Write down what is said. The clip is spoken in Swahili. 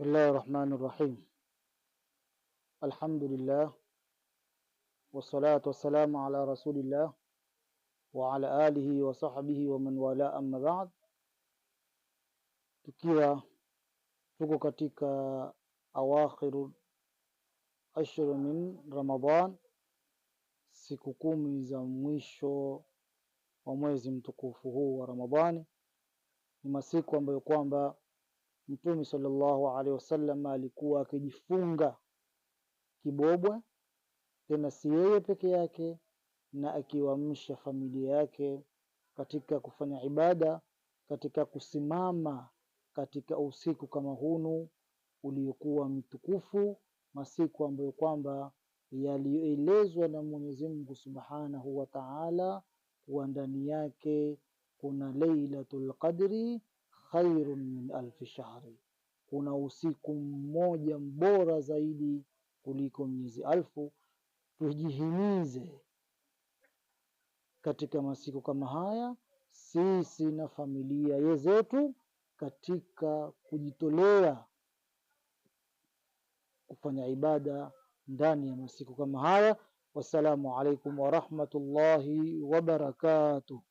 Bismillahi rahmani rahim. Alhamdulillah wassalatu wassalamu ala rasulillah wa ala alihi wa sahbihi wa man wala, amma ba'd. Tukiwa tuko katika awakhiru ashru min Ramadan, siku kumi za mwisho wa mwezi mtukufu huu wa Ramadhani, ni masiku ambayo kwamba Mtume sallallahu alaihi wasallam alikuwa akijifunga kibobwa, tena si yeye peke yake, na akiwaamsha familia yake katika kufanya ibada, katika kusimama katika usiku kama hunu uliokuwa mtukufu, masiku ambayo kwamba yaliyoelezwa na Mwenyezi Mungu Subhanahu wa Ta'ala kuwa ndani yake kuna Lailatul Qadri khairun min alfi shahri, kuna usiku mmoja mbora zaidi kuliko miezi alfu. Tujihimize katika masiku kama haya sisi na familia zetu katika kujitolea kufanya ibada ndani ya masiku kama haya. Wassalamu alaikum warahmatullahi wabarakatuh.